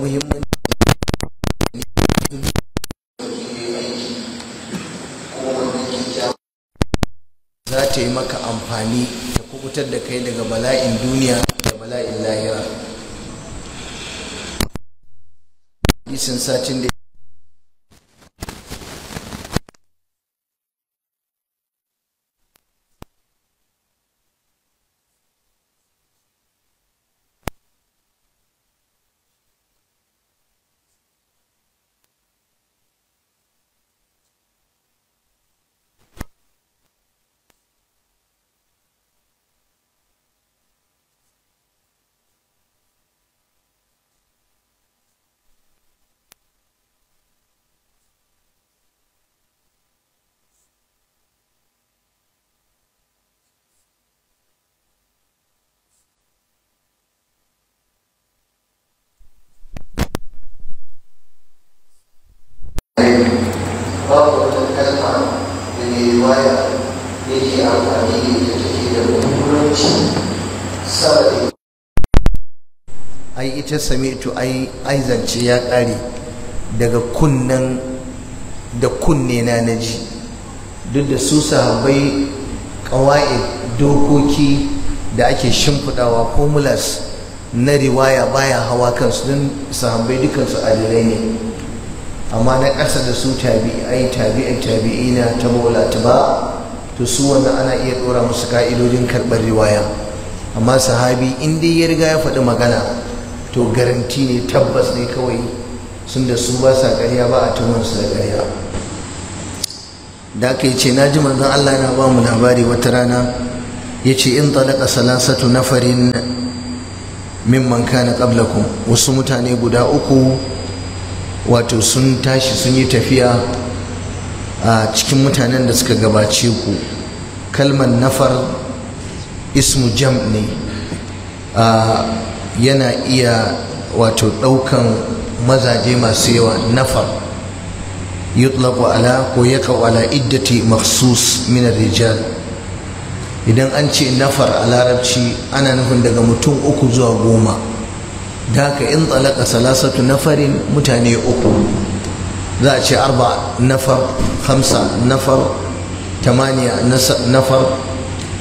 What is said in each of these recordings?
muhimmanci za ta yi maka amfani ta kubutar da kai daga bala'in duniya da bala'in lahira. Isin satin da sami'tu ai ai zance ya kare daga kunnan da kunne na naji duk da su sahabbai kawai dokoki da ake shimfidawa formulas na riwaya baya hawa kansu don sahabbai dukansu adilai ne amma na ƙasa da su tabi'ai tabi'ai na tabola ba to su wannan ana iya ɗora musu ka'idodin karɓar riwaya amma sahabi in dai ya riga ya faɗi magana to garanti ne tabbas ne kawai sun da su ba sa karya ba a su da karya da aka yi ce na ji manzon Allah yana ba mu labari wata rana ya ce in talaka salasatu nafarin mimman kana qablakum wasu mutane guda uku wato sun tashi sun yi tafiya a cikin mutanen da suka gabace ku kalmar nafar ismu jam ne yana iya wato ɗaukan mazaje masu yawa nafar yutlaku ala ko ya ala iddati maksus minar rijal idan an ce nafar a larabci ana nufin daga mutum uku zuwa goma da haka in tsalaka salasatu nafarin mutane uku za a ce arba nafar hamsa nafar tamaniya nafar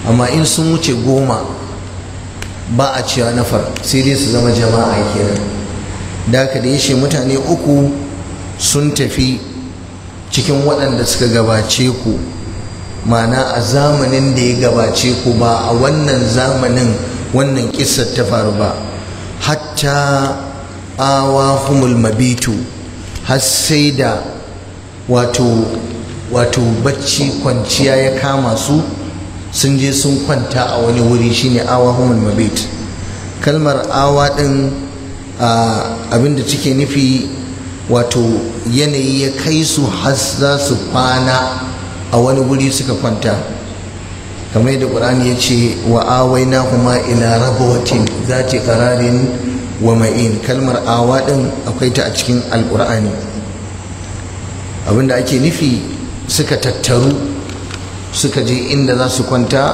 amma in sun wuce goma ba a cewa far sai dai su zama jama'a kenan da ka da yashe mutane uku sun tafi cikin waɗanda suka gabace ku mana a zamanin da ya gabace ku ba a wannan zamanin wannan kisar ta faru ba hatta awa humul mabitu har sai da wato bacci kwanciya ya kama su sun je sun kwanta a wani wuri shine awa humul mabit kalmar awa din abinda take nufi wato yanayi ya kai su har za su kwana a wani wuri suka kwanta kamar yadda ƙur'ani ya ce wa awaina kuma ila rabawatin za ta kararin wa ma'in kalmar awa ɗin akwai ta a cikin alƙur'ani abinda ake nufi suka tattaru suka je inda za su kwanta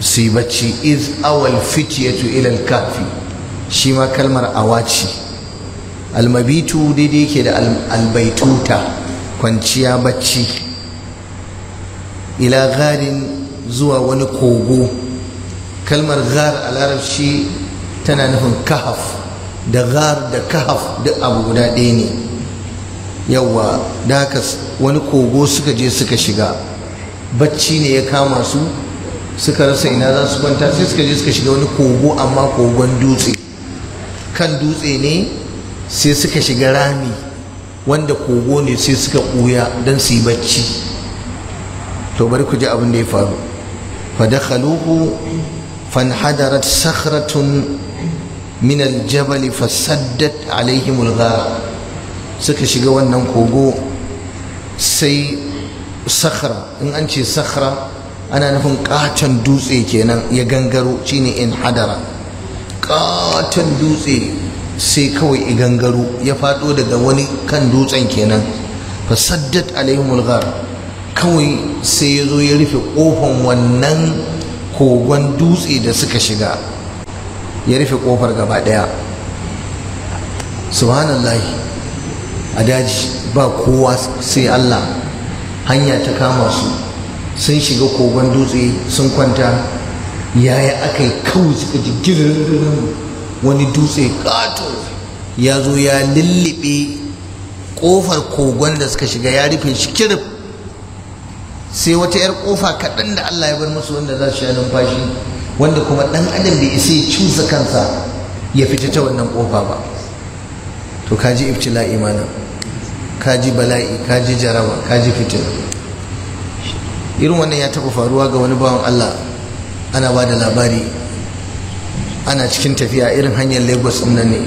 su yi bacci iz awal fitiyatu ilal kafi shi ma kalmar awaci almabitu daidai ke da albaituta kwanciya bacci ila garin zuwa wani kogo kalmar gar a larabci tana nufin kahaf da gar da kahaf duk abu guda ɗaya ne yawwa da haka wani kogo suka je suka shiga bacci ne ya kama su suka rasa ina za su kwanta sai suka je suka shiga wani kogo amma kogon dutse kan dutse ne sai suka shiga rami wanda kogo ne sai suka ɓuya don su yi bacci to bari ku ji abin da ya faru fadakhaluhu fanhadarat sakhratun min aljabal fasaddat alaihim alghar suka shiga wannan kogo sai sakhra in an ce sakhra ana nufin katon dutse kenan ya gangaro shine in hadara katon dutse sai kawai i gangaro ya fado daga wani kan dutsen kenan Fa saddat alaihimul ghar kawai sai ya zo ya rufe kofan wannan kogon dutse da suka shiga ya rufe kofar gaba daya subhanallahi a daji ba kowa sai Allah hanya ta kama su sun shiga kogon dutse sun kwanta yaya aka yi kawai suka ji wani dutse kato ya zo ya lullube kofar kogon da suka shiga ya rufe shi kirif sai wata 'yar kofa kaɗan da Allah ya bar musu wanda za su sha numfashi wanda kuma ɗan adam bai isa ya cusa kansa ya fita ta wannan kofa ba to kaji ibtila imanin kaji bala'i kaji jaraba kaji fitina irin wannan ya taɓa faruwa ga wani bawan Allah ana ba da labari ana cikin tafiya irin hanyar lagos din nan ne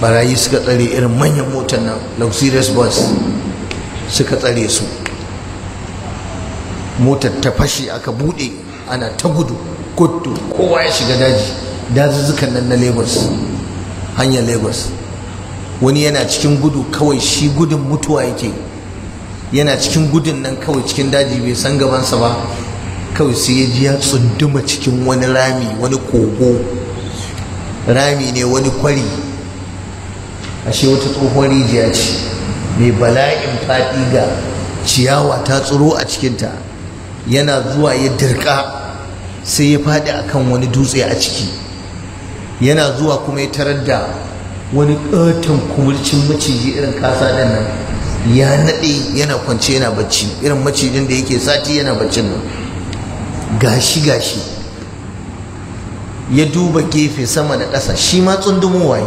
barayi suka tsare irin manyan motar nan luxurious bus suka tsare su motar ta fashe aka buɗe ana ta gudu kotu kowa ya shiga daji dazuzzukan nan na lagos hanyar lagos wani yana cikin gudu kawai shi gudun mutuwa yake yana cikin gudun nan kawai cikin daji bai san gabansa ba kawai sai ya ji ya tsunduma cikin wani rami wani kogo rami ne wani kwari ashe wata tsohon rijiya ce mai bala'in faɗi ga ciyawa ta tsiro a cikinta yana zuwa ya dirka sai ya faɗi a kan wani dutse a ciki yana zuwa kuma ya tarar da wani ƙaton kumurcin maciji irin kasa ɗin nan ya naɗe yana kwance yana bacci irin macijin da yake sati yana baccin nan gashi gashi ya duba gefe sama da ƙasa shi ma tsundumo waye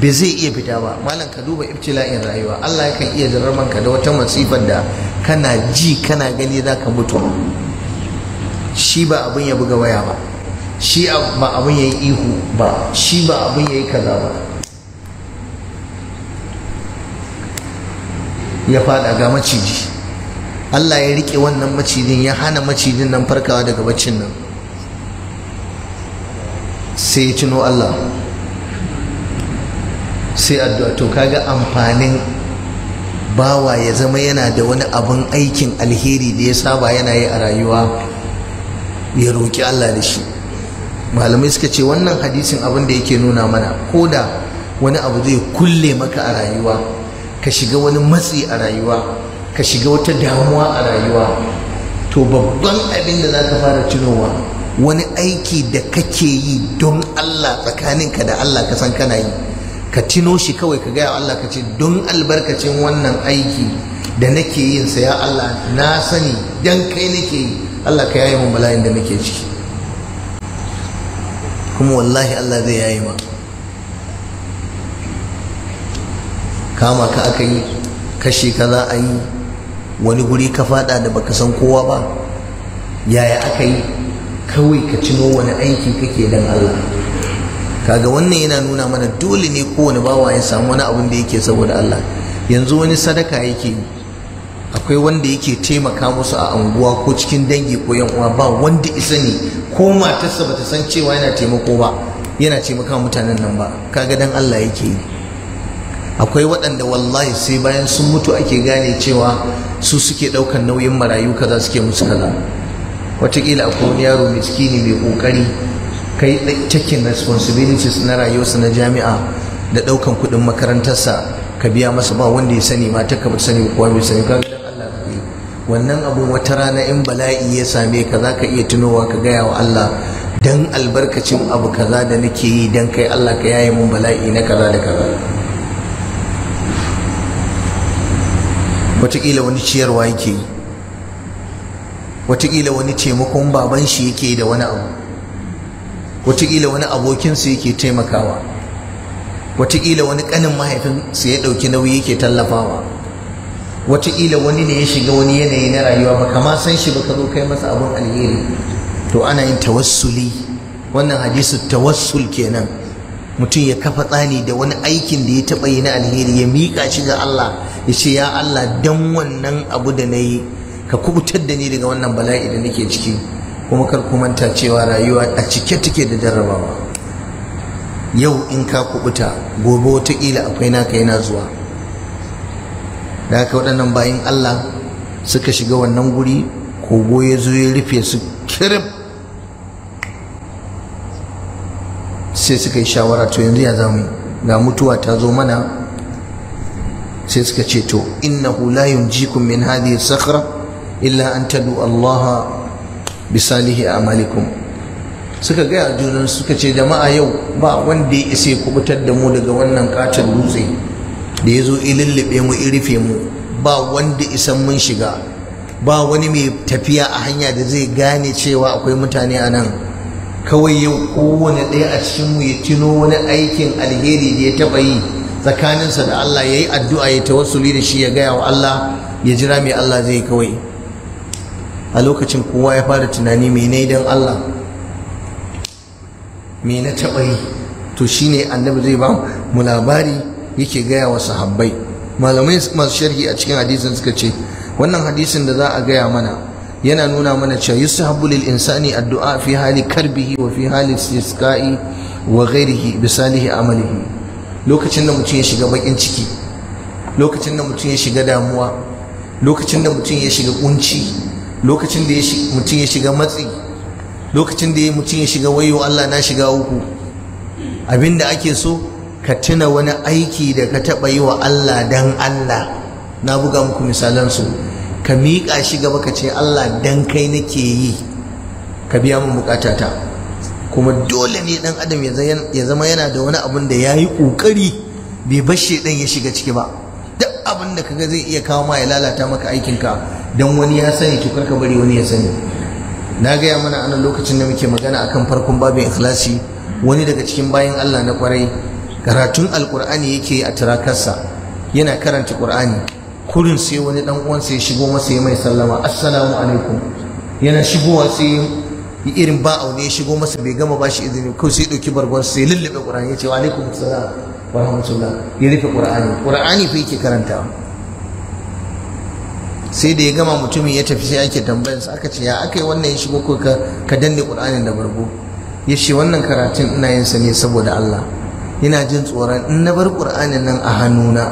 bai zai iya fita ba malam ka duba ibtila'in rayuwa Allah yakan iya jarraban ka da wata masifar da kana ji kana gani za ka mutu shi ba abin ya buga waya ba shi ba abin ya yi ihu ba shi ba abin ya yi kaza ba ya fada ga maciji Allah ya rike wannan macijin ya hana macijin nan farkawa daga baccin nan sai ya cino Allah sai addu'a to kaga amfanin bawa ya zama yana da wani abin aikin alheri da ya saba yana yi a rayuwa ya roƙi Allah da shi malamai suka ce wannan hadisin abin da yake nuna mana ko da wani abu zai kulle maka a rayuwa ka shiga wani matsi a rayuwa ka shiga wata damuwa a rayuwa to babban abin da za ka fara tunowa wani aiki da kake yi don Allah tsakaninka da Allah ka san kana yi ka tino shi kawai ka gaya Allah ka ce don albarkacin wannan aiki da nake yin sa ya Allah na sani dan kai nake yi Allah ka yaye mun bala'in da nake ciki kuma wallahi Allah zai yayi ma kama ka aka yi kashi ka za a yi wani guri ka fada da baka san kowa ba yaya aka yi kawai ka cino wani aiki kake dan Allah kaga wannan yana nuna mana dole ne kowane bawa ya samu wani abin da yake saboda Allah yanzu wani sadaka yake yi akwai wanda yake taimaka musu a unguwa ko cikin dangi ko yan uwa ba wanda isa ne ko matarsa bata san cewa yana taimako ba yana taimaka mutanen nan ba kaga dan Allah yake yi akwai waɗanda wallahi sai bayan sun mutu ake gane cewa su suke ɗaukar nauyin marayu kaza suke musu kaza wataƙila akwai wani yaro miskini mai ƙoƙari kai cikin responsibilities na rayuwarsa na jami'a da ɗaukan kuɗin makarantarsa ka biya masa ba wanda ya sani ma ta ka sani ko bai sani wannan abun wata rana in bala'i ya same ka za ka iya tunowa ka gaya wa Allah dan albarkacin abu kaza da nake yi dan kai Allah ka yaye mun bala'i na kaza da kaza wataƙila wani ciyarwa yake yi wataƙila wani taimakon baban shi yake da wani abu wataƙila wani abokinsu yake taimakawa wataƙila wani ƙanin mahaifinsu ya ɗauki nauyi yake tallafawa wataƙila wani ne ya shiga wani yanayi na rayuwa ba kama san shi ba ka zo kai masa abun alheri to ana yin tawassuli wannan hadisu tawassul kenan mutum ya kafa tsani da wani aikin da ya taɓa yi na alheri ya miƙa shi ga Allah ya ce ya Allah dan wannan abu da na yi ka kubutar da ni daga wannan bala'i da nake ciki kuma kar ku manta cewa rayuwa a cike take da jarrabawa yau in ka kubuta gobe wataƙila akwai naka yana zuwa da haka waɗannan bayan Allah suka shiga wannan guri ko ya zo ya rufe su kirif sai suka yi shawara to yanzu ya zamu ga mutuwa ta zo mana sai suka ce to innahu la yunjikum min hadhihi sakhra illa an tadu allaha bi salihi amalikum suka gaya junan suka ce jama'a yau ba wanda ya isa kubutar da mu daga wannan katon dutse da ya zo lullube mu rufe mu ba wanda isan mun shiga ba wani mai tafiya a hanya da zai gane cewa akwai mutane a nan kawai yau kowane ɗaya a cikin mu ya tuno wani aikin alheri da ya taɓa yi tsakaninsa da Allah ya yi addu'a ya tawassuli da shi ya gaya wa Allah ya jira mai Allah zai kawai a lokacin kowa ya fara tunani na don Allah me na taɓa yi to shine annabi zai ba mu labari yake gaya wa sahabbai malamai masu sharhi a cikin hadisin suka ce wannan hadisin da za a gaya mana yana nuna mana cewa yusahabu lil insani addu'a fi hali karbihi wa fi hali istisqa'i wa ghairihi bi salihi amalihi lokacin da mutum ya shiga bakin ciki lokacin da mutum ya shiga damuwa lokacin da mutum ya shiga kunci lokacin da mutum ya shiga matsi lokacin da mutum ya shiga wayo Allah na shiga uku abinda ake so ka tuna wani aiki da ka taɓa yi wa Allah dan Allah na buga muku misalansu ka miƙa shi gaba ka ce Allah dan kai nake yi ka biya min bukatata kuma dole ne dan adam ya zama yana da wani abun da ya yi ƙoƙari bai bashe ɗan ya shiga ciki ba duk abin da kaga zai iya kawo ma ya lalata maka aikinka don wani ya sani to karka bari wani ya sani na gaya mana anan lokacin da muke magana akan farkon babin ikhlasi wani daga cikin bayan Allah na kwarai karatun alkur'ani yake a turakarsa yana karanta qur'ani kurin sai wani dan uwansa ya shigo masa ya mai sallama assalamu alaikum yana shigowa sai irin ba aune ya shigo masa bai gama bashi izini ko sai dauki bargon sai lullube qur'ani ya ce wa alaikum assalam wa rahmatullah ya rufe qur'ani qur'ani fa yake karanta? sai da ya gama mutumin ya tafi sai ake sa aka ce ya aka yi wannan ya shigo ko ka danne qur'anin da bargo ya ce wannan karatun ina yin sa ne saboda Allah Ina jin tsoron in na bar ƙur'anin nan a hannuna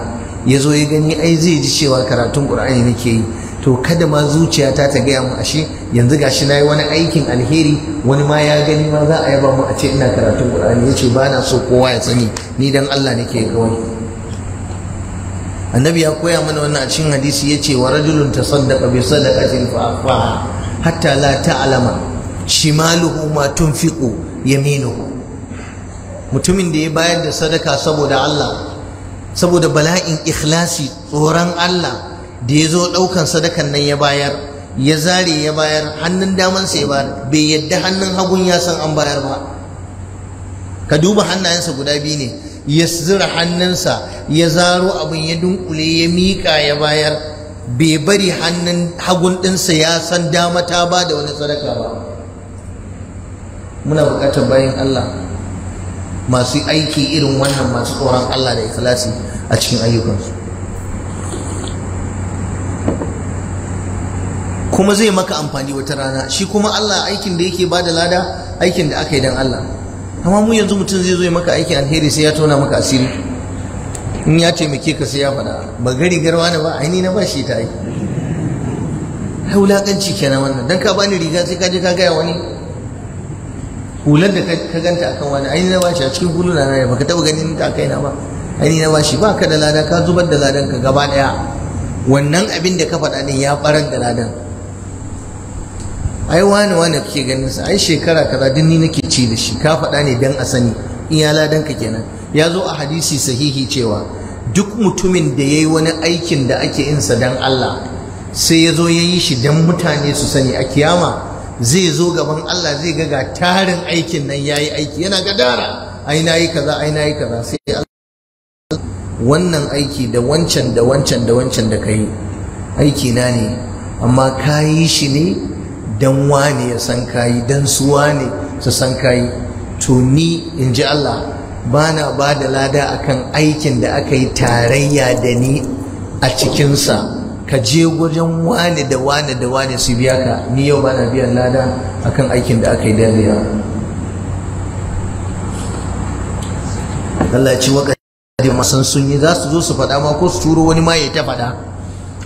ya zo ya gani ai zai ji cewa karatun ƙur'ani nake yi to kada ma zuciyata ta gaya mu ashe yanzu gashi na yi wani aikin alheri wani ma ya gani ma za a yaba mu a ce ina karatun ƙur'ani ya ce ba na so kowa ya sani ni dan Allah nake kawai annabi ya koya mana wannan a cikin hadisi ya ce wa rajulun tasaddaqa bi sadaqatin fa hatta la ta'lama shimaluhu ma tunfiqu yaminuhu mutumin da ya bayar da sadaka saboda Allah saboda bala'in ikhlasi tsoron Allah da ya zo ɗaukan sadakan nan ya bayar ya zare ya bayar hannun daman ya bayar bai yadda hannun hagun ya san an bayar ba ka duba hannayensa guda biyu ne ya zira hannunsa ya zaro abin ya dunkule ya miƙa ya bayar bai bari hannun hagun ɗinsa ya san dama ta ba da wani sadaka ba muna buƙatar bayan Allah masu aiki irin wannan masu tsoron Allah da ikhlasi a cikin ayyukansu kuma zai maka amfani wata rana shi kuma Allah aikin da yake bada lada aikin da aka yi don Allah amma mu yanzu mutum zai zo maka aikin alheri sai ya tona maka asiri in ya taimake ka sai ya faɗa ba gari garwa na ba aini na ba shi ta yi ai kenan wannan don ka bani riga sai ka je ka gaya wani hular da ka ganta akan wani ai na bashi a cikin huluna na baka taba ganin ta na ba ai na bashi ba ka da lada ka zubar da ladan ka gaba daya wannan abin da ka faɗa ne ya barar da ladan ai wani wani kake ganin sa ai shekara kaza din ni nake ci da shi ka faɗa ne dan a sani iya ladan ka kenan ya zo a hadisi sahihi cewa duk mutumin da yayi wani aikin da ake insa dan Allah sai ya zo ya yi shi dan mutane su sani a kiyama zai zo gaban Allah zai ga ga tarin aikin nan yayi aiki yana gadara ai nayi kaza ai nayi kaza sai Allah wannan aiki da wancan da wancan da wancan da kai aiki na ne amma kayi shi ne dan wane ya san kayi dan suwa ne su san kayi to ni in ji Allah bana ba da lada akan aikin da aka yi tarayya da ni a cikinsa ka je wajen wane da wane da wane su biya ka ni yau bana biyan lada akan aikin da aka yi dariya Allah ya ci waka da masan sun yi za su zo su faɗa ma ko su turo wani ma ya ta faɗa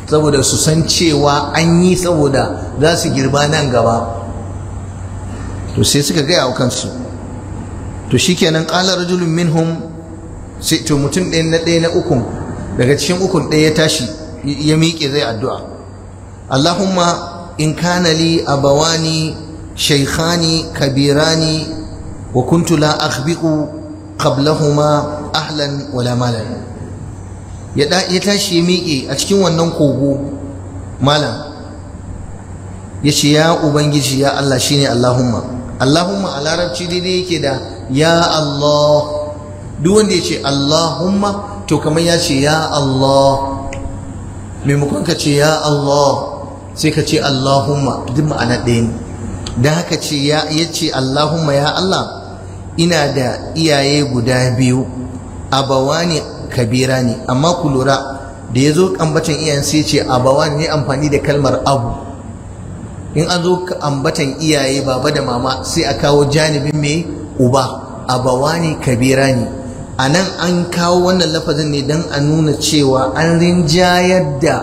saboda su san cewa an yi saboda za su girba nan gaba to sai suka gaya wa kansu to shikenan qala rajulun minhum sai to mutum ɗaya na ɗaya na ukun daga cikin ukun ɗaya ya tashi ya miƙe zai addu'a Allahumma in kana li abawani shaykhani kabirani wa kuntu la akhbiqu qablahuma ahlan wala malan ya tashi ya miƙe a cikin wannan kogo malam ya ce ya ubangiji ya Allah shine Allahumma Allahumma a larabci daidai yake da ya Allah duk wanda ya ce Allahumma to kamar ya ce ya Allah maimakon ka ce ya Allah sai ka ce Allahumma duk ma'ana ɗaya ne da haka ce ya ce Allahumma ya Allah ina da iyaye guda biyu abawani kabira ne amma ku lura da ya zo iyayen sai ce abawani ne amfani da kalmar abu in an zo ambatan iyaye baba da mama sai a kawo janibin mai uba abawani kabira ne a nan an kawo wannan lafazin ne don a nuna cewa an rinjayar da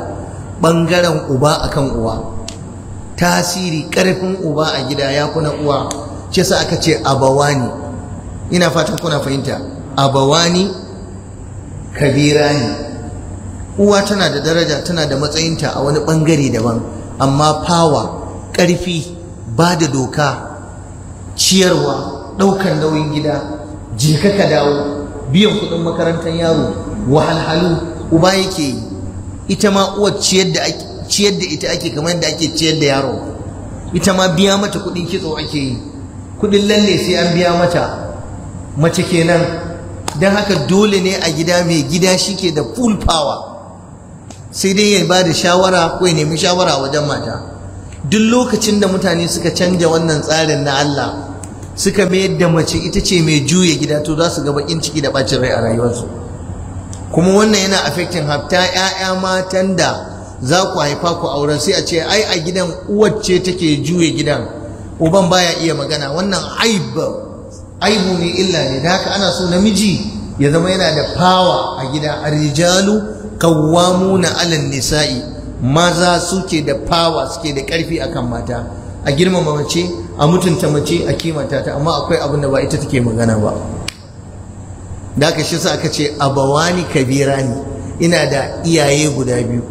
ɓangaren uba kan uwa tasiri ƙarfin uba a gida ya kuna uwa ce sa aka ce abawani ina fatan kuna fahimta abawani ne. uwa tana da daraja tana da matsayinta a wani ɓangare daban amma fawa ƙarfi ba da doka ciyarwa ɗaukar nauyin gida jikaka ka dawo biyan kuɗin makarantar yaro wahalhalu uba yake yi ita ma uwar ciyar da ita ake kamar yadda ake ciyar da yaro ita ma biya mata kuɗin kitso ake yi kuɗin lalle sai an biya mata mace kenan don haka dole ne a gida mai gida shike da full power sai dai ya ba da shawara ko ya nemi shawara wajen mata duk lokacin da mutane suka canja wannan tsarin na Allah suka mayar da mace ita ce mai juya gida to za su ga bakin ciki da bacin rai a rayuwarsu kuma wannan yana affecting hafta 'ya'ya matan da za ku haifa ku auren sai a ce ai a gidan uwacce take juya gidan uban baya iya magana wannan aibu ne illa ne da haka ana so namiji ya zama yana da fawa a gida Arijalu kawwamuna 'alan nisa'i maza suke da fawa suke da karfi akan mata a girmama mace a mutunta mace a kimanta ta amma akwai abin da ba ita take magana ba da aka shi sa aka ce abawani ne? ina da iyaye guda biyu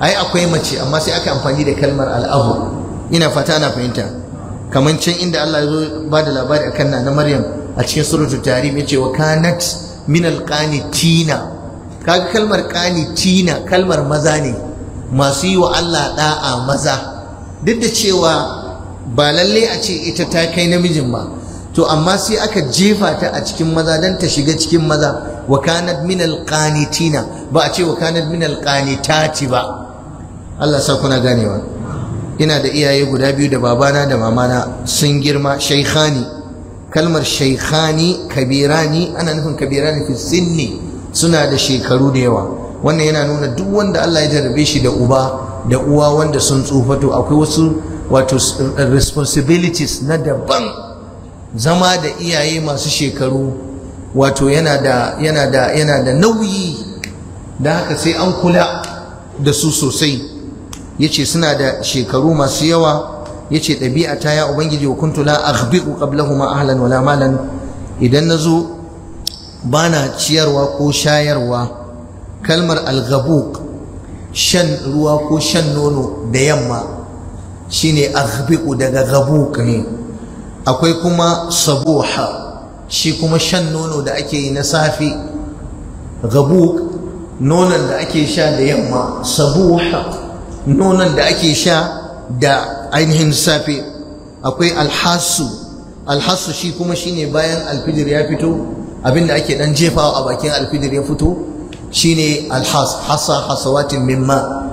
ai akwai mace amma sai aka amfani da kalmar al'abu ina fata na fahimta kamar can inda Allah ya zo ba da labari akan na na Maryam a cikin suratul tarim yace wa kanat min alqanitina kaga kalmar qanitina kalmar maza ne masu yi wa Allah da'a maza duk da cewa ba lallai a ce ita ta kai namijin ba to amma sai aka jefa ta a cikin maza don ta shiga cikin maza wa kanat min alqanitina ba a ce wa kanat min alqanitati ba Allah sa kuna ganewa ina da iyaye guda biyu da babana da mamana sun girma shaikhani kalmar shaikhani kabirani ana nufin kabirani fi sinni suna da shekaru da yawa wannan yana nuna duk wanda Allah ya jarrabe shi da uba da uwa wanda sun tsufa to akwai wasu wato eh, responsibilities na daban zama da iyaye masu shekaru wato yana da yana da yana da nauyi da haka sai an kula da su sosai yace suna da shekaru masu yawa yace ɗabi'a ta ya ubangiji wa kuntu la aghbiqu qablahuma ahlan wala malan idan nazo bana ciyarwa ko shayarwa kalmar al'gabu shan ruwa ko shan nono da yamma shine aghbiqu daga ghabuk ne akwai kuma sabuha shi kuma shan nono da ake yi na safi ghabuk nonon da ake sha da yamma sabuha nonon da ake sha da ainihin safe akwai alhasu alhasu shi kuma shine bayan alfijir ya fito abinda ake dan jefawa a bakin alfijir ya fito shine alhas hasa hasawatin mimma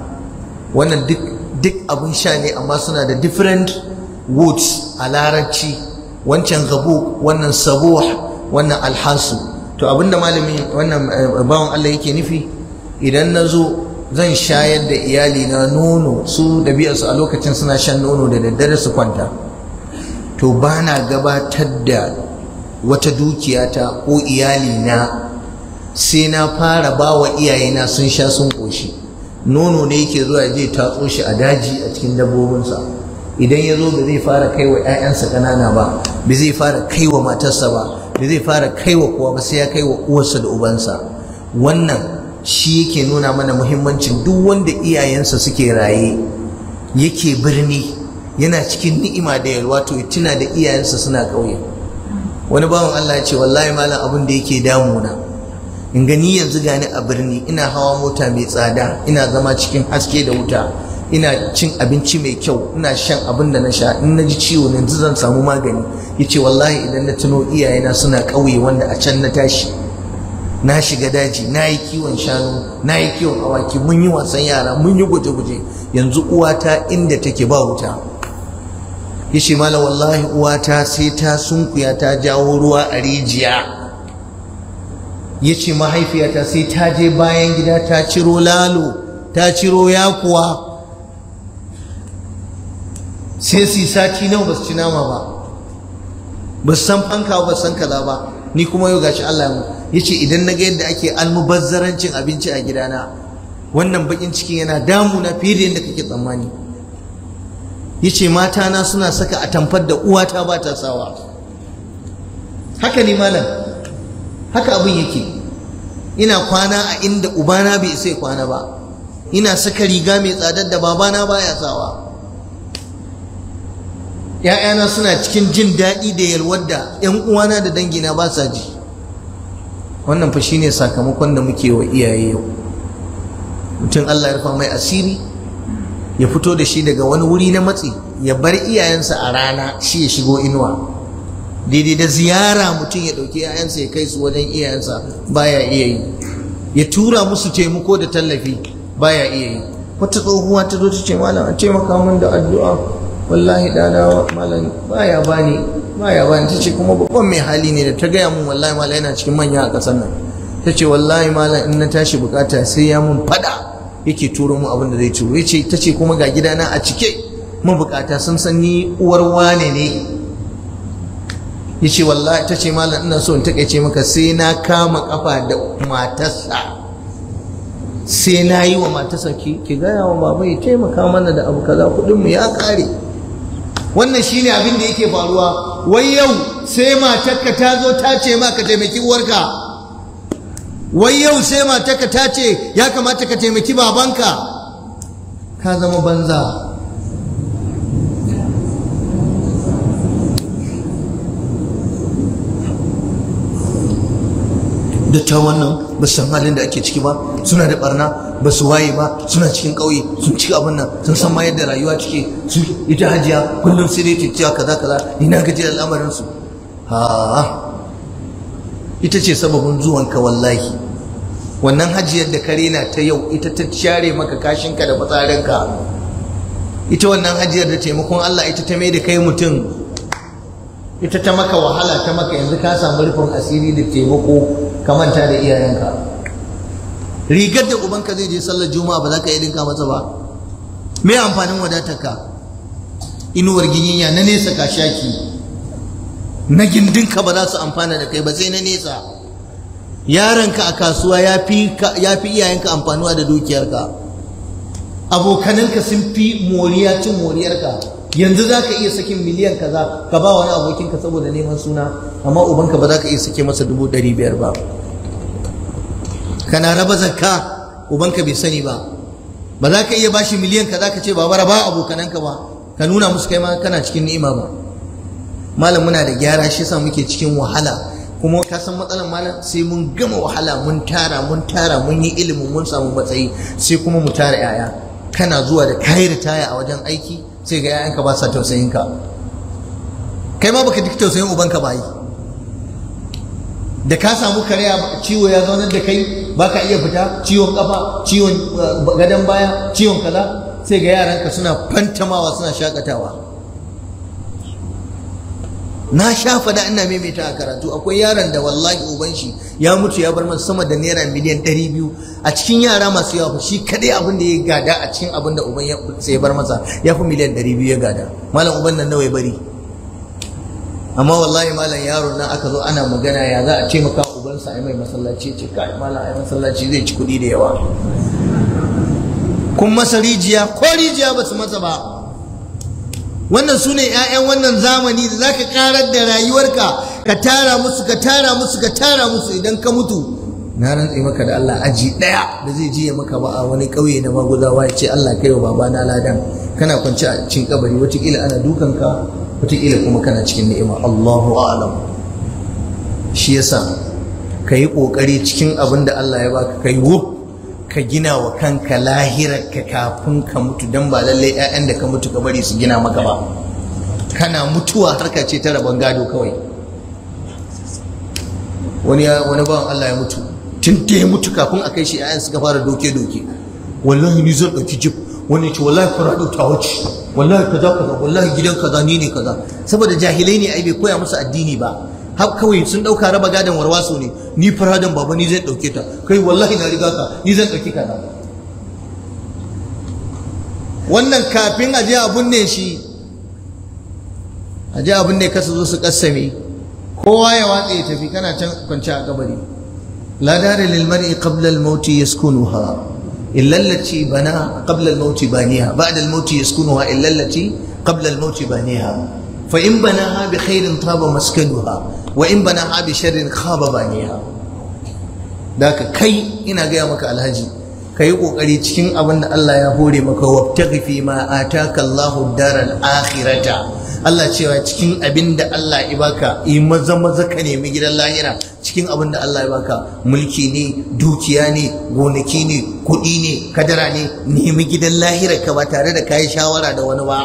wannan duk duk abin sha ne amma suna da different woods a larabci wancan zabu wannan sabuwa wannan alhasu to abinda malami wannan eh, bawan Allah yake nufi idan na zo zan shayar da iyali na nono su ɗabi'arsu a lokacin suna shan nono da daddare su kwanta to ba na gabatar da wata dukiya ta ko iyali na sai na fara bawa iyayena sun sha sun ƙoshi nono ne yake zuwa ya je tatso shi a daji a cikin dabbobinsa idan ya zo ba zai fara kai wa 'ya'yansa ƙanana ba ba zai fara kai wa matarsa ba ba zai fara kai wa kowa ba sai ya kai wa uwarsa da ubansa wannan shi yake nuna mana muhimmancin duk wanda iyayensa suke raye yake birni yana cikin ni'ima da yalwa to tuna da iyayensa suna ƙauye wani bawan Allah ya ce wallahi malam abin da yake damuna in gani yanzu gani a birni ina hawa mota mai tsada ina zama cikin haske da wuta ina cin abinci mai kyau ina shan abin da na sha in na ji ciwo yanzu zan samu magani ya ce wallahi idan na tuno iyayena suna ƙauye wanda a can na tashi na shiga daji na yi kiwon shanu na yi kiwon awaki mun yi wasan yara mun yi guje-guje yanzu uwata inda take ba wuta ya ce mala wallahi uwata sai ta sunkuya ta jawo ruwa a rijiya ya ce mahaifiyata sai ta je bayan gida ta ciro lalo ta ciro yakuwa sai su sati nawa ba su ci nama ba ba su san fanka ba san kaza ba ni kuma yau gashi Allah mu ya ce idan na ga yadda ake almubazzarancin abinci a gidana wannan bakin cikin yana damuna fiye da yadda kake tsammani ya ce matana suna saka atamfar da uwata ba ta sawa haka ne malam haka abin yake ina kwana a inda ubana bai sai kwana ba ina saka riga mai tsadar da babana baya sawa ‘ya'yana suna cikin jin daɗi da yalwar da ‘yan uwana da dangina ba sa ji wannan fa shine sakamakon da muke wa iyaye yau mutum Allah ya rufa mai asiri ya fito da shi daga wani wuri na matsi ya bar iyayensa a rana shi ya shigo inuwa daidai da ziyara mutum ya ɗauki 'ya'yansa ya kai su wajen iyayensa baya iya yi ya tura musu taimako da tallafi baya iya yi wata tsohuwa ta zo ta ce malam a taimaka min da addu'a wallahi dana malam baya bani baya bani ta ce kuma babban mai hali ne da ta gaya min wallahi malam yana cikin manya a ƙasar nan ta ce wallahi malam in na tashi bukata sai ya mun faɗa yake turo mu abin da zai turo ya ce ta ce kuma ga gidana a cike mabukata sun san ni uwar wane ne yace wallahi ta ce malam ina so in takaice maka sai na kama kafa da matarsa sai na yi wa matarsa ki ki gaya wa baba ya taimaka mana da abu kaza kudin mu ya kare wannan shine abin da yake faruwa wai yau sai matarka ta zo ta ce maka taimaki uwarka wai yau sai matarka ta ce ya kamata ka taimaki babanka ka zama banza dattawan nan ba san halin da ake ciki ba suna da barna ba su waye ba suna cikin ƙauye sun ci abin nan sun san ma yadda rayuwa cike su ita hajiya kullum sai dai cewa kaza kaza ina na gaji da al'amarin su ha ita ce sababin zuwanka wallahi wannan hajiyar da kare na ta yau ita ta share maka kashin ka da ka ita wannan hajiyar da taimakon Allah ita ta mai da kai mutum ita ta maka wahala ta maka yanzu ka samu rufin asiri da taimako ka manta da iyayenka rigar da ubanka zai je sallar juma'a ba za ka iya dinka masa ba me amfanin wadatarka inuwar giginya na nesa ka shaki na gindinka ba za su amfana da kai ba sai na nesa yaranka a kasuwa ya fi iyayenka amfanuwa da dukiyarka abokananka sun fi moriya cin moriyarka yanzu za ka iya sakin miliyan kaza ka ba wani abokinka saboda neman suna amma ubanka ba za ka iya sake masa dubu ɗari biyar ba kana raba zakka ubanka bai sani ba ba za ka iya bashi miliyan kaza ka ce ba raba abokananka ba ka nuna musu kai ma kana cikin ni'ima ba malam muna da gyara shi yasa muke cikin wahala kuma ka san matsalar malam sai mun gama wahala mun tara mun tara mun yi ilimin mun samu matsayi sai kuma mu tara yaya kana zuwa da kayi taya a wajen aiki sai ga yayanka ba sa tausayinka. kai ma baka duk tausayin ubanka ba yi da ka samu karya ciwo ya zaunar da kai ba ka iya fita ciwon kafa ciwon eh, gadon baya ciwon kaza sai ga yaranka suna fantamawa suna shakatawa na sha fada ina maimaita a karatu akwai yaron da wallahi uban shi ya mutu ya bar masa sama da naira miliyan ɗari biyu a cikin yara masu yawa shi kaɗai abin da ya gada a cikin abin da uban sai ya bar masa ya fi miliyan ɗari biyu ya gada malam uban nan nawa ya bari amma wallahi malam yaron nan aka zo ana magana ya za a ce uban ubansa ai mai masallaci ce kai malam ai masallaci zai ci kuɗi da yawa kun masa rijiya ko rijiya ba su masa ba wannan su ne 'ya'yan wannan zamani da za ka karar da rayuwarka ka tara musu ka tara musu ka tara musu idan ka mutu na rantse maka da Allah aji ɗaya da zai je maka ba a wani ƙauye na maguzawa ya ce Allah kai wa baba na ladan kana kwance a cikin kabari wataƙila ana dukanka wataƙila kuma kana cikin ni'ima Allahu a'lam shi yasa ka yi ƙoƙari cikin abin da Allah ya baka kai wuf ka gina wa kanka ka kafin ka mutu don ba lallai 'ya'yan da ka mutu ka bari su gina maka ba kana mutuwa harka ce ta rabon gado kawai wani wani bawan Allah ya mutu tun da ya mutu kafin a kai shi 'ya'yan suka fara doke doke wallahi ni zan ɗauki jib wani ce wallahi farado ta wuce wallahi kaza kaza wallahi gidan kaza ni ne kaza saboda jahilai ne ai bai koya musu addini ba har kawai sun ɗauka raba gadon warwaso ne ni faradan baba ni zai ɗauke ta kai wallahi na riga ka ni zan dauki kaza wannan kafin aje abun ne shi aje abun ne kasa zo su kassame kowa ya watsa ya tafi kana can kwance a kabari la dare lil mar'i qabla al maut yaskunuha illa allati bana qabla al maut baniha ba'da al maut yaskunuha illa allati qabla al maut baniha fa in banaha bi khairin taba maskanuha wa in bana habi bi sharrin khaba baniya da kai ina gaya maka alhaji ka yi kokari cikin abin da Allah ya hore maka wabtaghi fi ma ataka Allahu daral akhirata Allah cewa cikin abin da Allah ya baka yi maza maza ka nemi gidan lahira cikin abin da Allah ya baka mulki ne dukiya ne gonaki ne kuɗi ne kadara ne nemi gidan lahira ka ba tare da kayi shawara da wani ba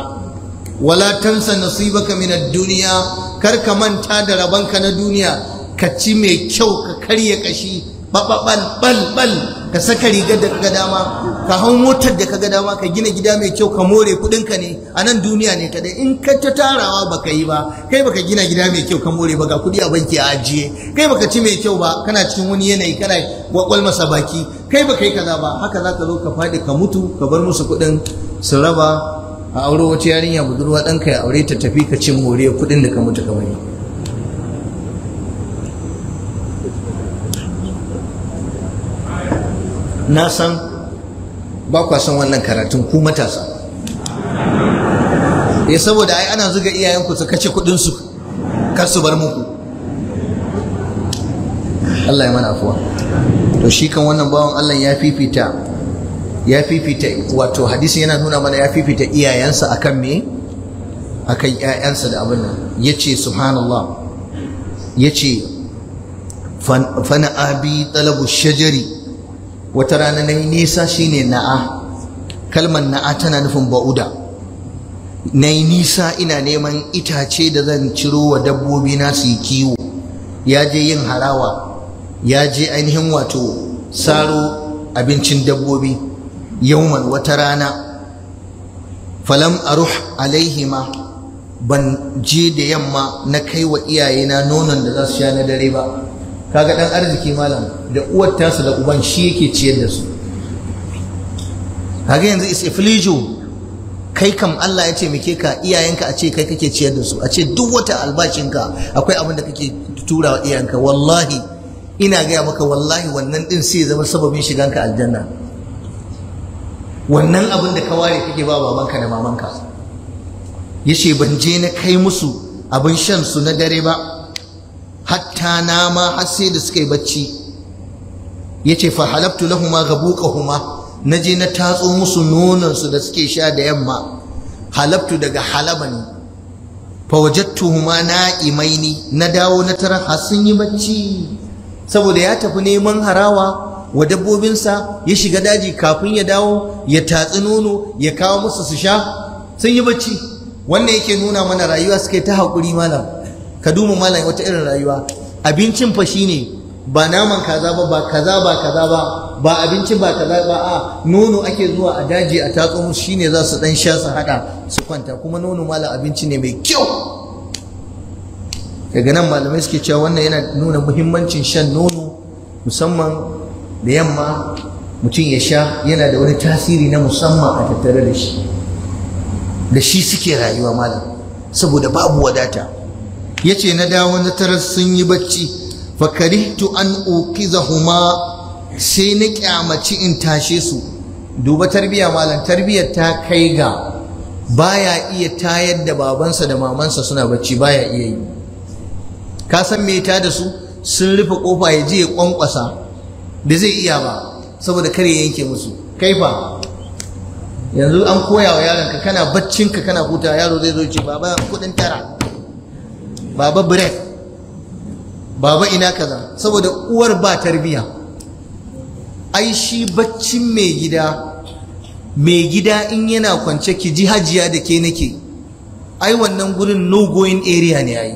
wala tansa nasibaka min ad-dunya kar ka manta da rabanka na duniya ka ci mai kyau ka karya kashi bal bal bal ka saka rigar da kaga dama ka hau motar da kaga dama ka gina gida mai kyau ka more kudinka ne a nan duniya ne kadai in ka ta tarawa baka yi ba kai baka gina gida mai kyau ka more ba ga kudi a banki a ajiye kai baka ci mai kyau ba kana cikin wani yanayi kana wakwal masa baki kai baka yi kaza ba haka za ka zo ka faɗi ka mutu ka bar musu kudin su raba a auro wata yarinya budurwa ka ya aure ta tafi ka cin more kuɗin da ka mutu ka bari na san ba kwa san wannan karatun ku matasa eh saboda ai ana zuga iyayenku su kace kuɗin su kar su bar muku Allah ya mana afuwa to shi kan wannan bawan Allah ya fifita ya fifita wato hadisin yana nuna mana ya fifita iyayensa akan me akan iyayensa da abin nan yace subhanallah yace fana abi talabu shajari wata rana na yi nisa shine na'a kalmar na'a tana nufin ba'uda na yi nisa ina neman itace da zan ciro wa dabbobi na su yi kiwo ya je yin harawa ya je ainihin wato saro abincin dabbobi yawman wata rana falam aruh alaihima ban je da yamma na kai wa iyayena nonon da za su sha na dare ba kaga dan arziki malam da uwar tasa da uban shi yake ciyar da su kaga yanzu is ifliju kai kam Allah ya taimake ka iyayenka a ce kai kake ciyar da su a ce duk wata albashinka akwai abin da kake tura wa iyayenka wallahi ina gaya maka wallahi wannan din sai zama sababin shiganka aljanna wannan abin da ka ware kake ba babanka da mamanka ce ban je na kai musu abin shan su na dare ba hatta na ma har sai da suka yi bacci yace fa halabtu lahuma ga gabuqahuma huma, na je na tatso musu nonon su da suke sha da yamma halabtu daga halabani fa wajadtuhuma huma na dawo na tara har sun yi bacci saboda ya tafi neman harawa wa dabbobinsa ya shiga daji kafin ya dawo ya tatsi nono ya kawo musu su sha sun yi bacci wannan yake nuna mana rayuwa suka ta haƙuri malam ka duma malam wata irin rayuwa abincin fa shine ba naman kaza ba ba kaza ba kaza ba ba abincin ba kaza ba a nono ake zuwa a daji a tatso musu shine za su dan sha su hada su kwanta kuma nono malam abinci ne mai kyau daga nan malamai suke cewa wannan yana nuna muhimmancin shan nono musamman da yamma mutum ya sha yana da wani tasiri na musamman a tattare da shi da shi suke rayuwa malam saboda babu wadata Ya ce na dawo na tarar sun yi bacci fa tu an uqizahuma sai na kyamaci in tashe su duba tarbiya malam tarbiyar ta kai ga baya iya tayar da babansa da mamansa suna bacci baya iya yi ka san me ta da su sun rufe kofa ya je ya kwankwasa da zai iya ba saboda kare yanke musu kaifa yanzu an koya wa yaronka kana baccin ka, kana huta yaro zai zo ce baba kudin tara baba break baba ina kaza saboda uwar ba tarbiya ai shi baccin mai gida mai gida in yana kwance ki ji hajiya da ke nake ai wannan gurin no going area ne yi.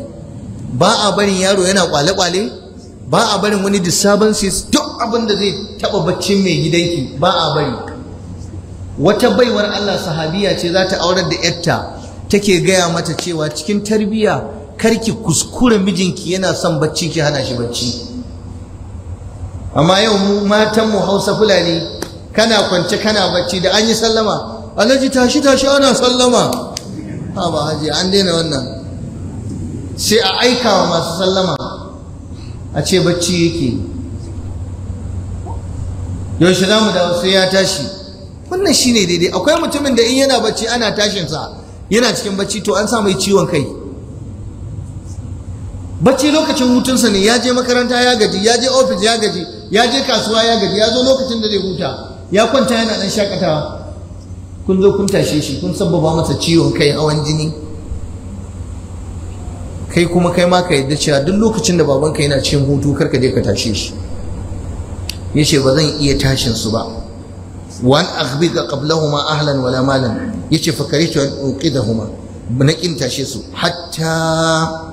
ba a barin yaro yana kwale-kwale ba a barin wani disturbances duk abin da zai taba bacci mai gidanki ba a bari wata baiwar Allah sahabiya ce za ta aurar da yarta take gaya mata cewa cikin tarbiyya karki kuskure mijinki yana son bacci ki hana shi bacci amma yau mu matan mu Hausa Fulani kana kwance kana bacci da an yi sallama Alhaji tashi tashi ana sallama ha ba haji an daina wannan sai a aika wa masu sallama a ce bacci yake yaushe za mu dawo sai ya tashi wannan shi ne daidai akwai mutumin da in yana bacci ana tashinsa yana cikin bacci to an sa mai ciwon kai bacci lokacin hutunsa ne ya je makaranta ya gaji ya je ofis ya gaji ya je kasuwa ya gaji ya zo lokacin da zai huta ya kwanta yana dan shakatawa kun zo kun tashe shi kun sabbaba masa ciwon kai hawan jini kai kuma kai ma ka yadda cewa duk lokacin da babanka yana cikin hutu kar ka je ka tashe shi ce ba zan iya tashin su ba wan aghbika qablahuma ahlan wala malan yace fa karitu an uqidahuma na kin tashe su hatta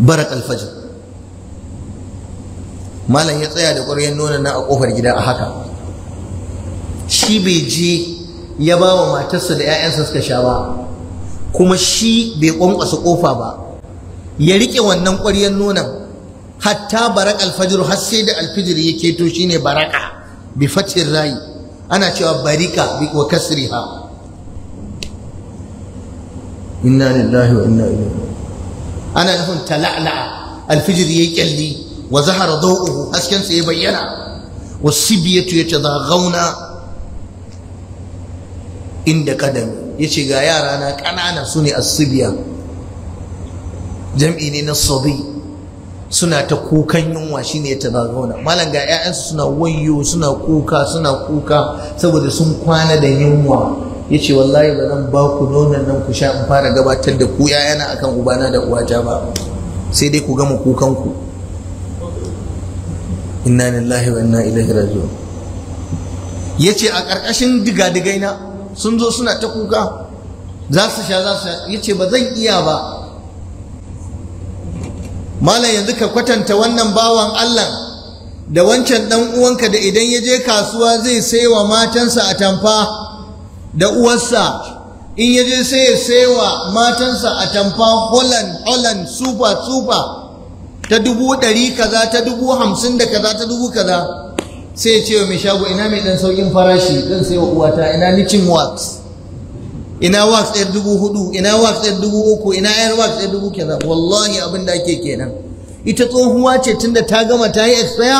barak alfajr malam ya tsaya da ƙwaryar nuna na a ƙofar gida a haka shi bai je ya ba wa matarsa da 'ya'yansa suka sha ba kuma shi bai kwankwasa kofa ba ya rike wannan ƙwaryar nonon hatta barak alfajir har sai da alfijir ya keto shine baraka bi fatin rayi ana cewa barika bi wa kasriha inna lillahi wa inna ilaihi ana nufin tala'la'a alfijir ya kyalli wa zahara dawuhu hasken sa ya bayyana wa ta yatadhaghawna inda kadami Ya ce ga yara na ƙanana su ne asibiya jam'i ne na sobi suna ta kukan yunwa shine ta zagauna malam ga 'ya'yansu suna wayo suna kuka suna kuka saboda sun kwana da yunwa Ya ce wallahi ba zan ba ku nonon nan ku sha in fara gabatar da ku 'ya'yana akan ubana da uwata ba sai dai ku gama kukanku. ku inna lillahi wa inna ilaihi raji'un yace a ƙarƙashin digadigai na sun zo suna ta kuka za su sha za su sha ya ce ba zan iya ba malam yanzu ka kwatanta wannan bawan Allah da wancan dan uwanka da idan ya je kasuwa zai saiwa matansa a tamfa da uwarsa in ya je sai ya saiwa matansa a tamfa holland holland super super ta dubu ɗari kaza ta dubu hamsin da kaza ta dubu kaza sai ce wa mai shago ina mai dan saukin farashi zan sai wa uwata ina nicin wax ina wax ɗaya dubu hudu ina wax ɗaya dubu uku ina yar wax ɗaya dubu kaza wallahi abin da ake kenan ita tsohuwa ce tun da ta gama ta yi expire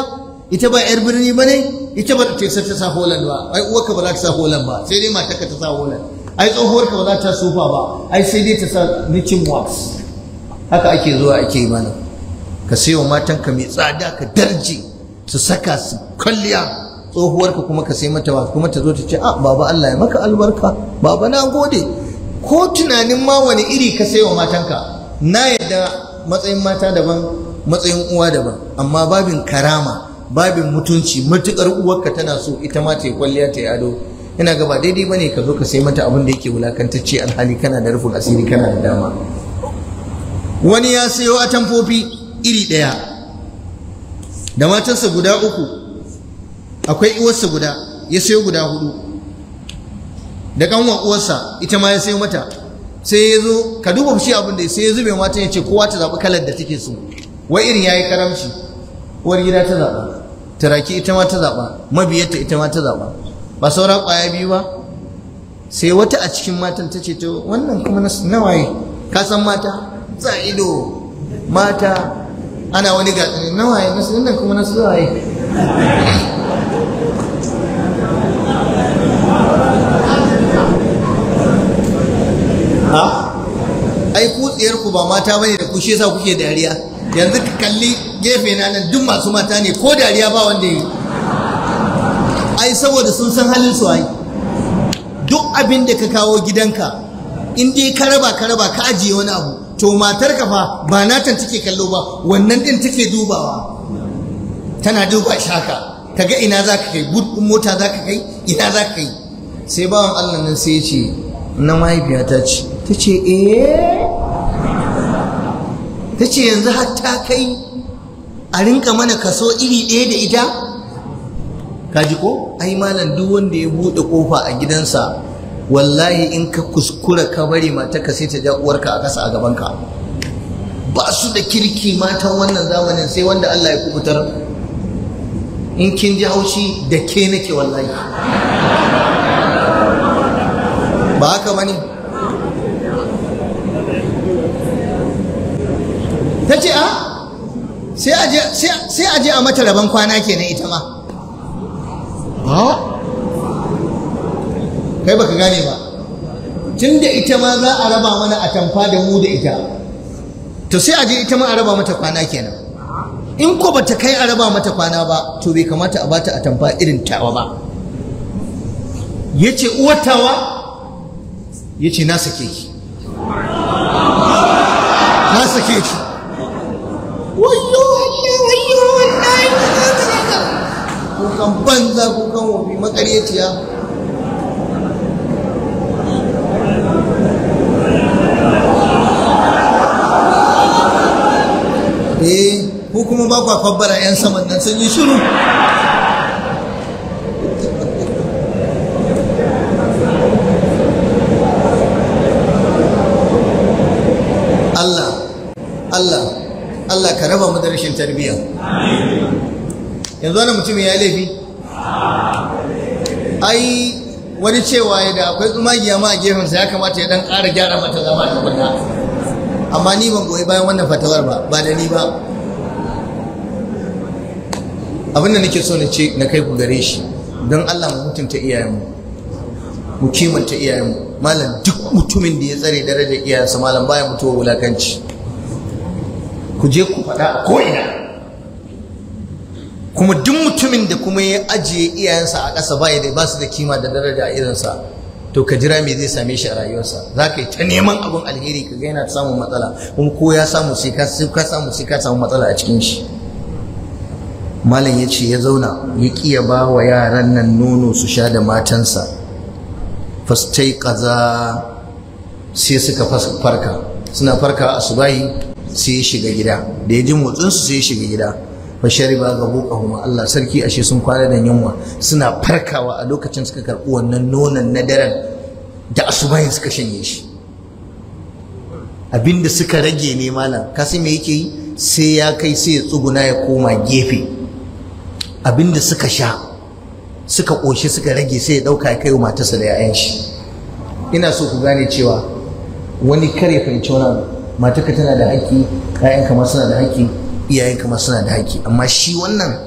ita ba yar birni ba ne ita ba ta ta sa holan ba ai uwarka ba za ta sa holan ba sai dai matarka ta sa holan ai tsohuwarka ba za ta sufa ba ai sai dai ta sa nicin wax haka ake zuwa ake yi mana ka wa matanka mai tsada ka darje ta saka su kwalliya tsohuwarka kuma ka sai mata kuma ta zo ta ce a ah, baba Allah ya maka albarka baba na gode ko tunanin ma wani iri ka sai wa matanka na yadda matsayin mata daban matsayin uwa daban amma babin karama babin mutunci matukar uwarka tana so ita ma ta yi kwalliya ta yi ado ina ga ba daidai bane ka zo ka sai mata abin da yake wulakantacce alhali kana da rufin asiri kana da dama wani ya sayo atamfofi iri ɗaya da matansa guda uku akwai iwarsa guda ya sayo guda hudu da kanwa uwarsa ita ma ya sayo mata sai ya zo ka duba shi abin da sai ya zube mata, ya ce kowa ta zaɓi kalar da take so wai irin yayi karamci uwar gida ta zaɓa turaki ita ma ta zaɓa mabiyarta ita ma ta zaɓa ba sauran ƙwaya biyu ba sai wata a cikin matan ta ce to wannan kuma na waye ka san mata za ido mata ana wani ga waye nasu inda kuma nasu nawaye ha ai ku ku ba mata bane da kushe sa kuke dariya yanzu ka kalli gefe na nan duk masu mata ne ko dariya ba wanda yi ai saboda sun san halin su ai duk abin da ka kawo gidanka in dai ka raba ka raba ka ajiye wani abu to matar kafa fa ba natan take kallo ba wannan din take dubawa tana duba shaka ta ga ina za ka kai gud mota za ka kai ina za ka kai sai bawan allah nan sai ya ce na mahaifiyata ce ta ce eh ta ce yanzu hatta kai a rinka mana kaso iri ɗaya da ita kaji ko ai malam duk wanda ya buɗe kofa a gidansa wallahi in ka kuskura ka bari ka sai ta ja uwarka a kasa a gabanka ba su da kirki matan wannan zamanin sai wanda Allah ya kubutar in kin ji haushi da ke nake wallahi ba haka bane ta ce ah, a sai a je a mata rabon kwana kenan ita ma ah? kai baka gane ba tun da ita ma za a raba mana a tamfa da mu da ita to sai a je ita ma a raba mata kwana kenan in ko bata kai a raba mata kwana ba to bai kamata a bata a tamfa irin tawa ba yace uwar tawa yace na sake ki na sake ki wayo wayo wayo kukan banza kukan wofi makaryaciya ba fabbara 'yan saman nan sun yi shiru Allah Allah Allah ka raba mu da rashin tarbiyya yanzu wani mutum ya laifi ai wani cewa ya da akwai tsumagiya ma a gefensa ya kamata ya dan ƙara gyara mata zama da amma ni ban goyi bayan wannan fatawar ba ba da ni ba abinda nake so na ce na kai ku gare shi don Allah mu mutunta iyayenmu mu kimanta iyayenmu malam duk mutumin da ya tsare darajar iyayensa malam baya mutuwa wulakanci ku je ku faɗa a ko'ina kuma duk mutumin da kuma ya ajiye iyayensa a ƙasa baya da ba su da kima da daraja a irinsa to ka jira me zai same shi a rayuwarsa za ka yi ta neman abin alheri ka ga yana samun matsala kuma ko ya samu sai ka samu matsala a cikin shi malam ya ce ya zauna ya kiya ba wa yaran nan nono su sha da matansa fastai kaza sai suka farka suna farka asubahi sai ya shiga gida da ya ji motsinsu sai ya shiga gida fashari ba ga kuma Allah sarki ashe sun kwana da yunwa suna farkawa a lokacin suka karɓi wannan nonon na daren da asubahin suka shanye shi abinda suka rage ne malam kasi me yake yi sai ya kai sai ya tsuguna ya koma gefe abinda suka sha suka ƙoshi suka rage sai ya ɗauka ya kai wa matarsa da 'ya'yan shi ina so ku gane cewa wani kare fahimci wani matarka tana da haƙƙi 'ya'yanka ma suna da haƙƙi iyayen ma suna da haƙƙi amma shi wannan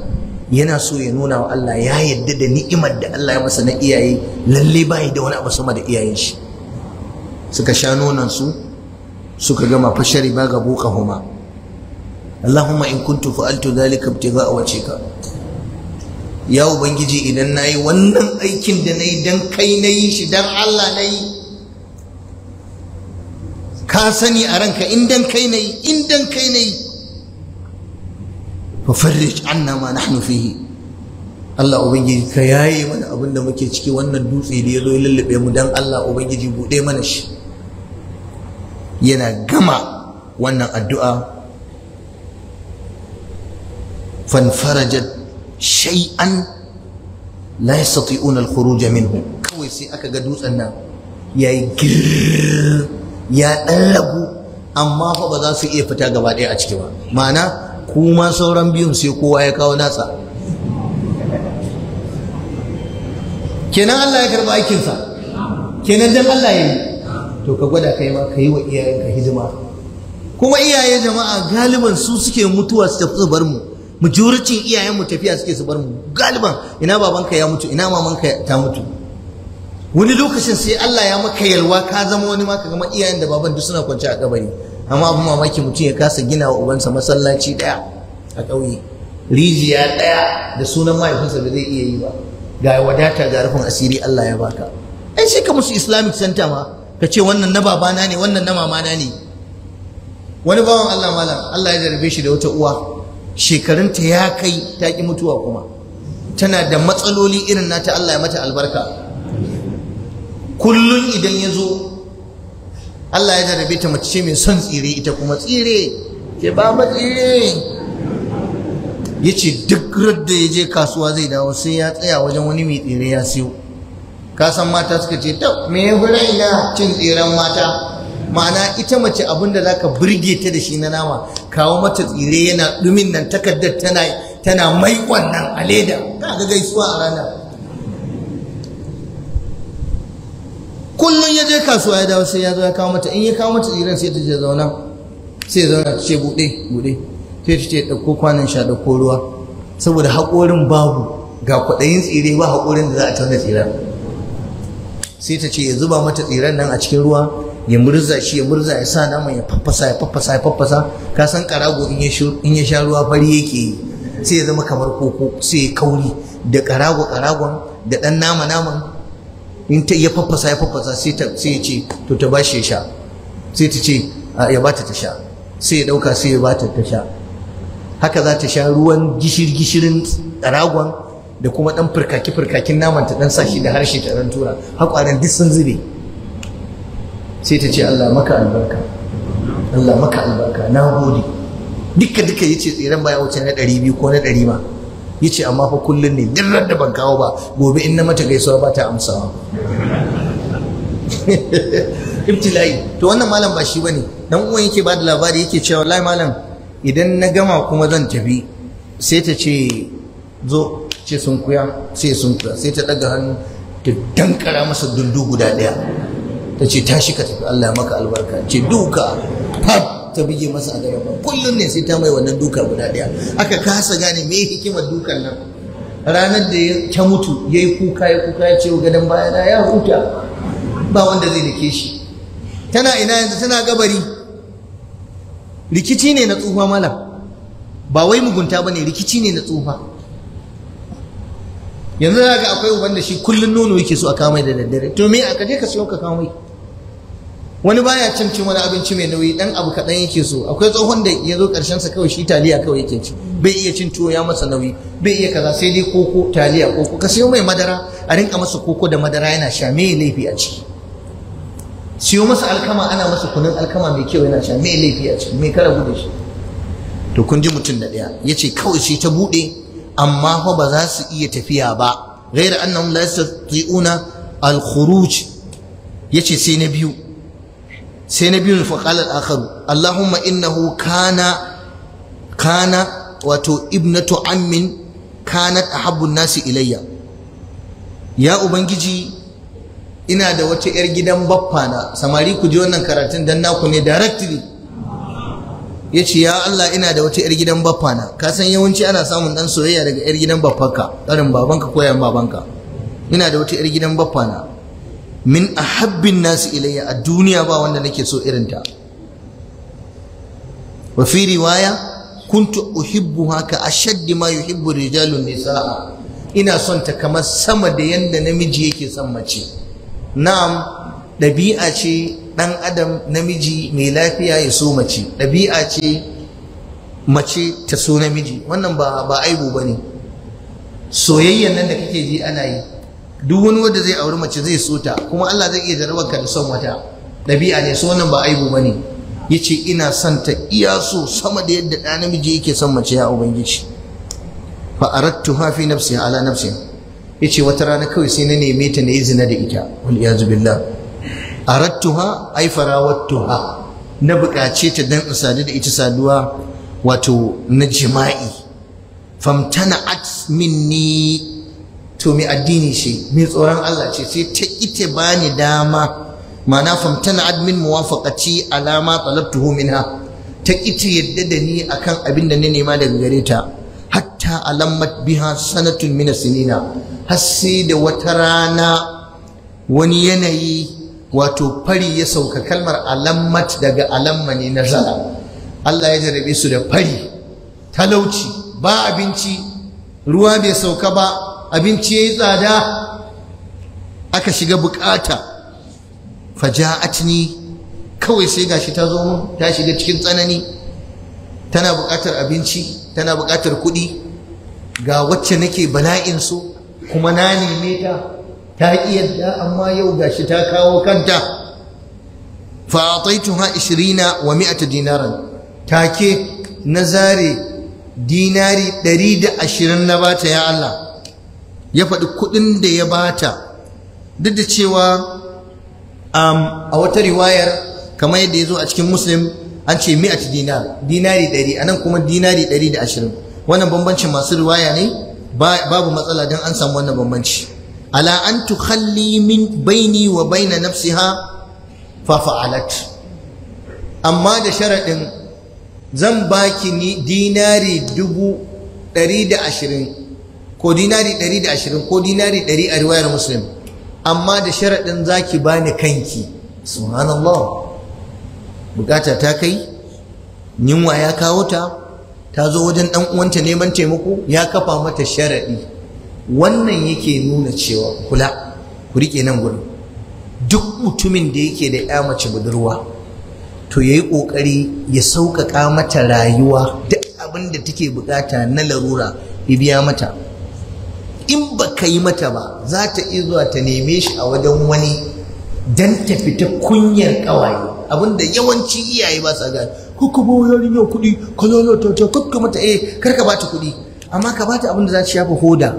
yana so ya nuna wa Allah ya yadda da ni'imar da Allah ya masa na iyaye lalle bai da wani abu sama da iyayen shi suka sha nonan su suka gama fashari ba ga buka huma Allahumma in kuntu fa'altu zalika ibtigha'a wajhika ya ubangiji idan na yi wannan aikin da na yi don kai na yi shi don allah na yi ka sani a ranka in don kai na yi in kai na yi fafarrij anna ma nahnu fihi Allah ubangiji ka yaye mana abin da muke ciki wannan dutse da ya zo lullube mu don Allah ubangiji buɗe mana shi yana gama wannan addu'a fanfarajat shay'an la yastati'una al-khuruj minhu kawai sai aka ga dutsen nan yayi gir ya dan amma fa ba za su iya fita gaba ɗaya a ciki ba ma'ana kuma sauran biyun sai kowa ya kawo nasa kenan Allah ya karba aikinsa kenan dan Allah ya yi to ka gwada kai ma ka yi wa iyayenka hidima kuma iyaye jama'a galiban su suke mutuwa su tafi zubar mu iyayen iyayenmu tafiya suke su bar mu galiban ina babanka ya mutu ina mamanka ta mutu wani lokacin sai Allah ya maka yalwa ka zama wani ma ka iyayen da baban duk suna kwance a kabari amma abin mamaki mutum ya kasa gina wa ubansa masallaci daya a ƙauye rijiya daya da sunan mahaifinsa ba zai iya yi ba ga wadata ga rufin asiri Allah ya baka ai sai ka musu islamic center ma ka ce wannan na babana ne wannan na mamana ne wani bawan Allah malam Allah ya jarabe shi da wata uwa shekarunta ya kai ta ki mutuwa kuma tana da matsaloli irin nata Allah ya mata albarka Kullum idan ya zo Allah ya jarabe ta mace mai son tsire ita kuma tsire ke ba ma tsire ya ce duk radda ya je kasuwa zai dawo sai ya tsaya wajen wani mai tsire ya siyo ka san mata suka ce ta me ya cin tseren mata ma'ana ita mace abin da ka birge ta da shi na nama kawo mata tsire yana dumin nan takardar tana tana mai wannan a leda kaga gaisuwa a rana kullum ya je kasuwa ya dawo sai ya zo ya kawo mata in ya kawo mata tsiren sai ta je zauna sai zauna ce bude bude sai ta ce dauko kwanan sha dauko ruwa saboda haƙorin babu ga kwaɗayin tsire ba haƙorin da za a tauna tsiren sai ta ce ya zuba mata tsiren nan a cikin ruwa ya murza shi ya murza ya sa naman ya faffasa ya faffasa ya faffasa ka san karago in ya sha ruwa fari yake yi sai ya zama kamar koko sai ya kauri da karago karagon da dan nama naman in ta ya faffasa ya faffasa sai ta sai ya ce to ta bashi ya sha sai ta ce ya bata ta sha sai ya dauka sai ya bata ta sha haka za ta sha ruwan gishir gishirin karagon da kuma dan furkaki furkakin naman ta dan sa shi da harshe ta dan tura haƙwaran duk sun zube sai ta ce Allah maka albarka Allah maka albarka na gode duka duka yace tseren baya wuce na ɗari biyu ko na ɗari ma yace amma fa kullun ne duk da ban kawo ba gobe in na mata gaisuwa ba ta amsawa ibtila'i to wannan malam ba shi bane dan uwan yake da labari yake cewa wallahi malam idan na gama kuma zan tafi sai ta ce zo ce sun kuya sai sun kuya sai ta daga hannu ta dankara masa dundu guda daya ta ce tashi ka tafi Allah maka albarka ce duka fab ta bige masa a gaba kullum ne sai ta mai wannan duka guda ɗaya aka kasa gane me hikimar dukan nan ranar da ta mutu ya yi kuka ya kuka ya ce gadon na ya huta ba wanda zai nake shi tana ina yanzu tana gabari rikici ne na tsufa malam ba wai mugunta ba ne rikici ne na tsufa yanzu za ga akwai wanda shi kullum nono yake so a kamai da daddare to me aka je ka siyo ka kamai wani baya cin cin wani abinci mai nauyi dan abu kaɗan yake so akwai tsohon da ya zo karshen sa kawai shi taliya kawai yake ci bai iya cin tuwo ya masa nauyi bai iya kaza sai dai koko taliya koko ka siyo mai madara a rinka masa koko da madara yana sha mai laifi a ciki siyo masa alkama ana masa kunun alkama mai kyau yana sha mai laifi a ciki Mai kara bude shi to kun ji mutum da daya. yace kawai sai ta bude. amma fa ba za su iya tafiya ba annahum la yastati'una al-khuruj yace sai na biyu sai na biyun fa qala al-akharu allahumma innahu kana kana wato ibnatu ammin kanat ahabbu nasi ilayya ya ubangiji ina da wata yar gidan baffana. samari ku ji wannan karatun don naku ne directly ce ya Allah ina da wata yar gidan baffana. ka san yawanci ana samun dan soyayya daga yar gidan baffanka tsarin babanka ko yan babanka ina da wata yar gidan baffana. min a habbin nasu ilayya a duniya ba wanda nake so irinta wa fi riwaya kuntu uhibbu haka ashaddi ma yuhibbu rijalun nisaa ina son ta kamar sama da yadda namiji yake son mace na'am ɗabi'a ce ɗan adam namiji mai lafiya ya so mace ɗabi'a ce mace ta so namiji wannan ba ba aibu bane soyayyan nan da kake ji ana yi duk wani wanda zai auri mace zai so ta kuma Allah zai iya jarabar ka da son wata ɗabi'a ne so wannan ba aibu bane yace ina son ta iya so sama da yadda ɗa namiji yake son mace ya ubangiji fa ha fi nafsi ala nafsi yace wata rana kawai sai na neme ta na yi zina da ita wal iyazu billah ai farawattu ha na buƙace ta dan in da ita saduwa wato na jima'i famtana'at minni to addini ce mai tsoron Allah ce sai ta ita bani dama ma'ana famtana admin muwafaqati alama talabtuhu minha ta ita yadda da ni akan abin da na nema daga gare ta hatta alammat biha sanatun min sinina har da wata rana wani yanayi wato fari ya sauka kalmar alammat daga alamma ne nazara Allah ya jarabe su da fari talauci ba abinci ruwa bai sauka ba abinci ya yi tsada aka shiga bukata faja'atni kawai sai gashi ta zo mun ta shiga cikin tsanani tana bukatar abinci tana bukatar kuɗi ga wacce nake bala'in so kuma na neme ta ta ki yadda amma yau gashi ta kawo kanta fa ataituha 20 wa 100 dinaran take na zare dinari 120 na bata ya Allah ya faɗi kuɗin da ya bata duk da cewa um, a wata riwayar kamar yadda ya zo a cikin muslim an ce mi'at dinar dinari ɗari a nan kuma dinari ɗari da ashirin wannan bambancin masu riwaya ne babu matsala don an samu wannan bambanci ala an tukhalli min baini wa baina nafsiha fa fa'alat amma da sharaɗin zan baki ni dinari dubu ɗari da ashirin ko dinari 120 ko dinari ɗari a riwayar muslim amma da sharaɗin zaki bani kanki subhanallah bukata ta kai yunwa ya kawo ta ta zo wajen ɗan uwanta neman taimako ya kafa mata sharaɗi wannan yake nuna cewa kula ku riƙe nan gurin duk mutumin da yake da ya mace budurwa to ya yi ƙoƙari ya sauƙaƙa mata rayuwa duk abin da take bukata na larura ya biya mata in ba ka yi mata ba za ta zuwa ta neme shi a wajen wani dan ta fita kunyar kawaye abinda yawanci iyaye ba sa gani ko ka bawa yarinya kuɗi ka lalata ta ko ka mata eh kar ka bata kuɗi amma ka bata abinda za ta shafa hoda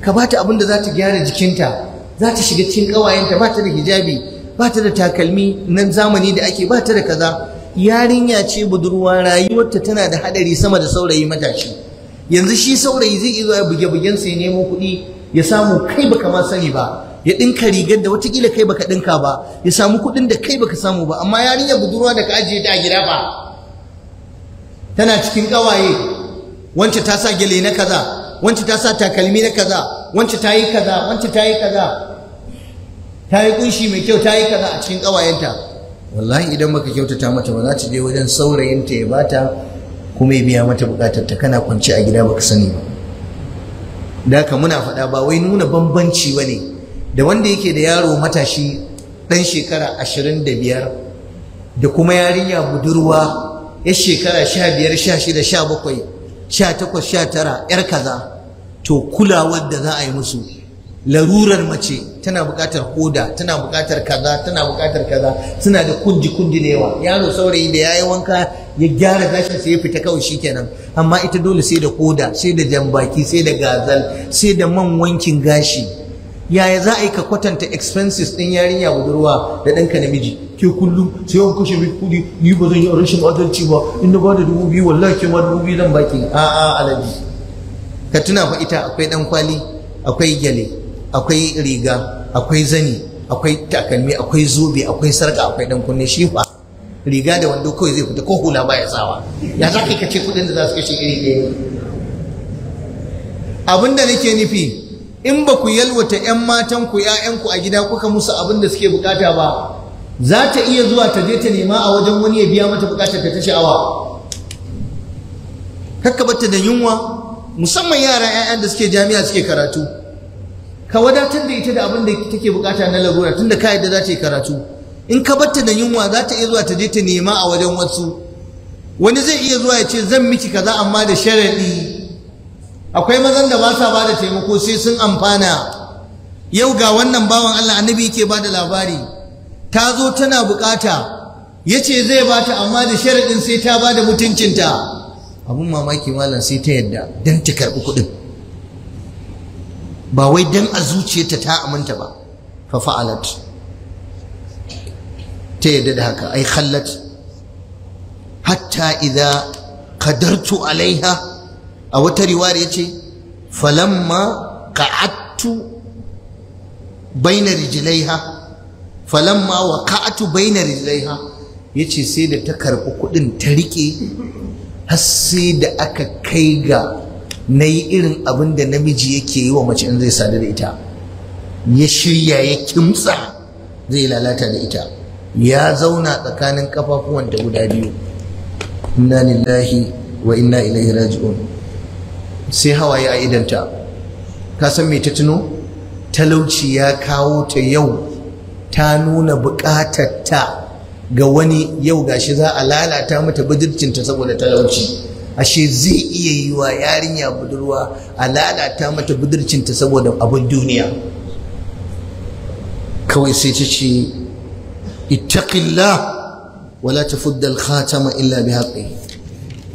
ka bata abinda za ta gyara jikinta za ta shiga cikin kawayenta ba ta da hijabi ba ta da takalmi na zamani da ake ba ta da kaza yarinya ce budurwa rayuwarta tana da hadari sama da saurayi matashi yanzu shi saurayi zai iya buge bugen ya nemo kuɗi ya samu kai baka ma sani ba ya ɗinka rigar da watakila kai baka ɗinka ba ya samu kuɗin da kai baka samu ba amma yarinya budurwa da ka ajiye ta a gida ba tana cikin ƙawaye wance ta sa gele na kaza wance ta sa takalmi na kaza wance ta yi kaza wance ta yi kaza ta yi kunshi mai kyau ta yi kaza a cikin ƙawayenta wallahi idan baka kyautata mata ba za ta je wajen saurayinta ya bata kuma ya biya mata bukatar ta kana kwance a gida baka sani ba da ka muna faɗa ba wai nuna bambanci ba ne da wanda yake da yaro matashi ɗan shekara ashirin da biyar da kuma yarinya budurwa ya shekara sha biyar sha shida sha bakwai sha takwas sha tara yar kaza to kulawar da za a yi musu larurar mace tana bukatar hoda, tana bukatar kaza tana bukatar kaza suna da kunji kunji da yawa yaro saurayi da yayi wanka ya gyara gashin sai ya fita kawai kenan. amma ita dole sai da koda sai da jambaki sai da gazal sai da man wankin gashi yaya za a yi ka kwatanta expenses ɗin yarinya budurwa da ɗanka namiji ke kullum sai wanka kashe mai kuɗi ni ba zan yi rashin adalci ba in na bada dubu biyu wallahi ke ma dubu biyu zan baki a'a alaji ka tuna fa ita akwai ɗan kwali akwai gyale akwai riga akwai zani akwai takalmi akwai zobe akwai sarka akwai dan kunne shi fa riga da wando kawai zai fita ko hula baya tsawa ya za ka kace kudin da za su kashe iri ɗaya abin da nake nufi in ba ku yalwata 'yan matan ku 'ya'yanku a gida kuka musu abin da suke bukata ba za ta iya zuwa ta je ta nema a wajen wani ya biya mata bukatar ta ta sha'awa kakka bata da yunwa musamman yara ƴaƴan da suke jami'a suke karatu ka wadatar da ita da abin da take bukata na larura tunda ka da za ta yi karatu in ka batta da yunwa za ta iya zuwa ta je ta nema a wajen wasu wani zai iya zuwa ya ce zan miki kaza amma da sharaɗi akwai mazan da ba sa ba da taimako sai sun amfana yau ga wannan bawan Allah annabi yake ba da labari ta zo tana bukata ya ce zai ba ta amma da sharaɗin sai ta ba da mutuncinta abun mamaki malam sai ta yadda don ta karbi kuɗin ba wai dan a zuciyarta ta aminta ba fa fa'alat ta yadda da haka ai khallat hatta idza qadartu alaiha a wata riwaya yace falamma qa'attu baina rijlaiha falamma baina rijlaiha yace sai da ta karbi kudin ta rike har sai da aka kai ga na yi irin abin da namiji yake yi wa mace in zai sadu da ita ya shirya ya kimsa zai lalata da ita ya zauna tsakanin kafafuwanta guda biyu inna lillahi wa inna ilaihi raji'un sai hawaye a idanta ka san me ta tuno talauci ya kawo ta yau ta nuna buƙatar ta ga wani yau gashi za a lalata mata budurcinta saboda talauci ashe zai iya yi wa yarinya budurwa a lalata mata budurcinta saboda abin duniya kawai sai ta ce ittaqillah wala tafudda khatama illa bi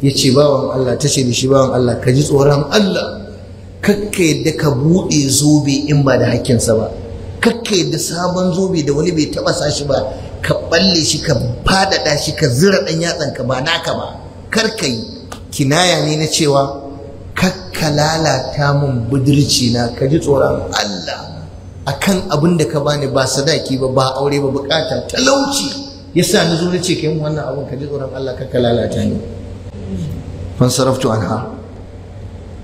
Ya yace bawan Allah tace da shi bawan Allah ka ji tsoron Allah kakka yadda ka buɗe zobe in ba da hakkinsa ba kakka yadda sabon zobe da wani bai taɓa shi ba ka balle shi ka faɗaɗa shi ka zira ɗan yatsan ka ba naka ba kar ka yi kinaya ne na cewa kakka lalata mun budurci na ka ji tsoron Allah akan abin da ka bani ba sadaki ba ba aure ba bukata talauci yasa na zo na ce ka yi wannan abin ka ji tsoron Allah kakka lalata ni fan saraftu anha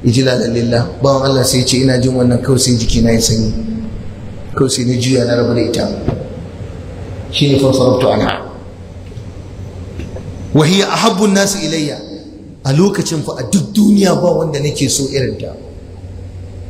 ijlala lillah bawan Allah sai ce ina jin wannan kawai sai jiki na ya sanyi kawai sai na juya na rabu da ita shine fan saraftu anha wa hiya ahabbu an-nas ilayya a lokacin ku a duk duniya ba wanda nake so irin ta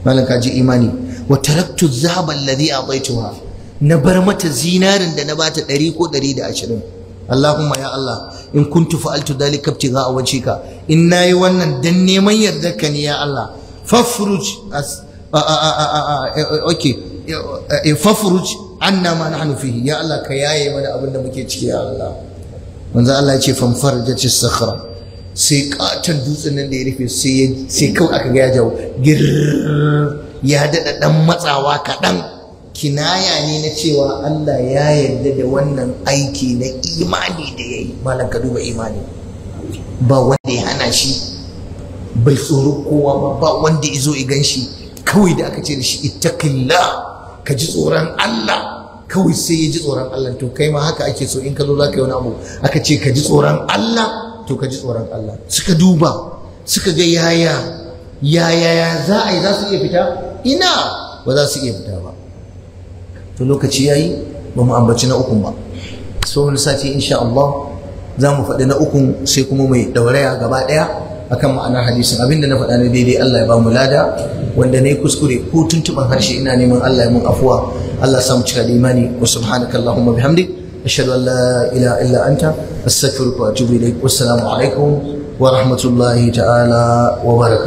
malam ka ji imani wa taraktu dhahaba alladhi ataituha na bar mata zinarin da na bata ɗari ko ɗari da ashirin Allahumma ya Allah in kuntu fa'altu dhalika ibtigha'a wajhika in nayi wannan dan neman yardarka ne ya Allah fafruj okay eh, fafruj anna ma nahnu fihi ya Allah ka yaye mana abin da muke ciki ya Allah manzo Allah ya ce famfarjatis sakhra sai katon dutsen nan da ya rufe sai kawai aka ga ya jawo ya daɗa ɗan matsawa kaɗan kinaya ne na cewa Allah ya yarda da wannan aiki na imani da ya yi malam ka duba imani ba wanda ya hana shi bai tsoro kowa ba ba wanda ya zo ya gan shi kawai da aka ce da shi ittaqilla ka ji tsoron Allah kawai sai ya ji tsoron Allah to kai ma haka ake so in ka zo za ka yi wani abu aka ce ka ji tsoron Allah to ka ji tsoron Allah suka duba suka ga yaya yaya ya za a yi za su iya fita ina ba za su iya fita ba to lokaci yayi ba mu ambaci na ukun ba so wani sati insha Allah za mu faɗi na ukun sai kuma mai ɗauraya gaba ɗaya akan ma'anar hadisin abinda na faɗa na daidai Allah ya ba mu lada wanda na yi kuskure ko tuntuɓar harshe ina neman Allah ya mun afuwa Allah mu cika da imani wa subhanakallahumma bihamdik ashhadu an la ilaha illa anta astaghfiruka wa atubu ilaik wassalamu alaikum wa rahmatullahi ta'ala wa barakatuh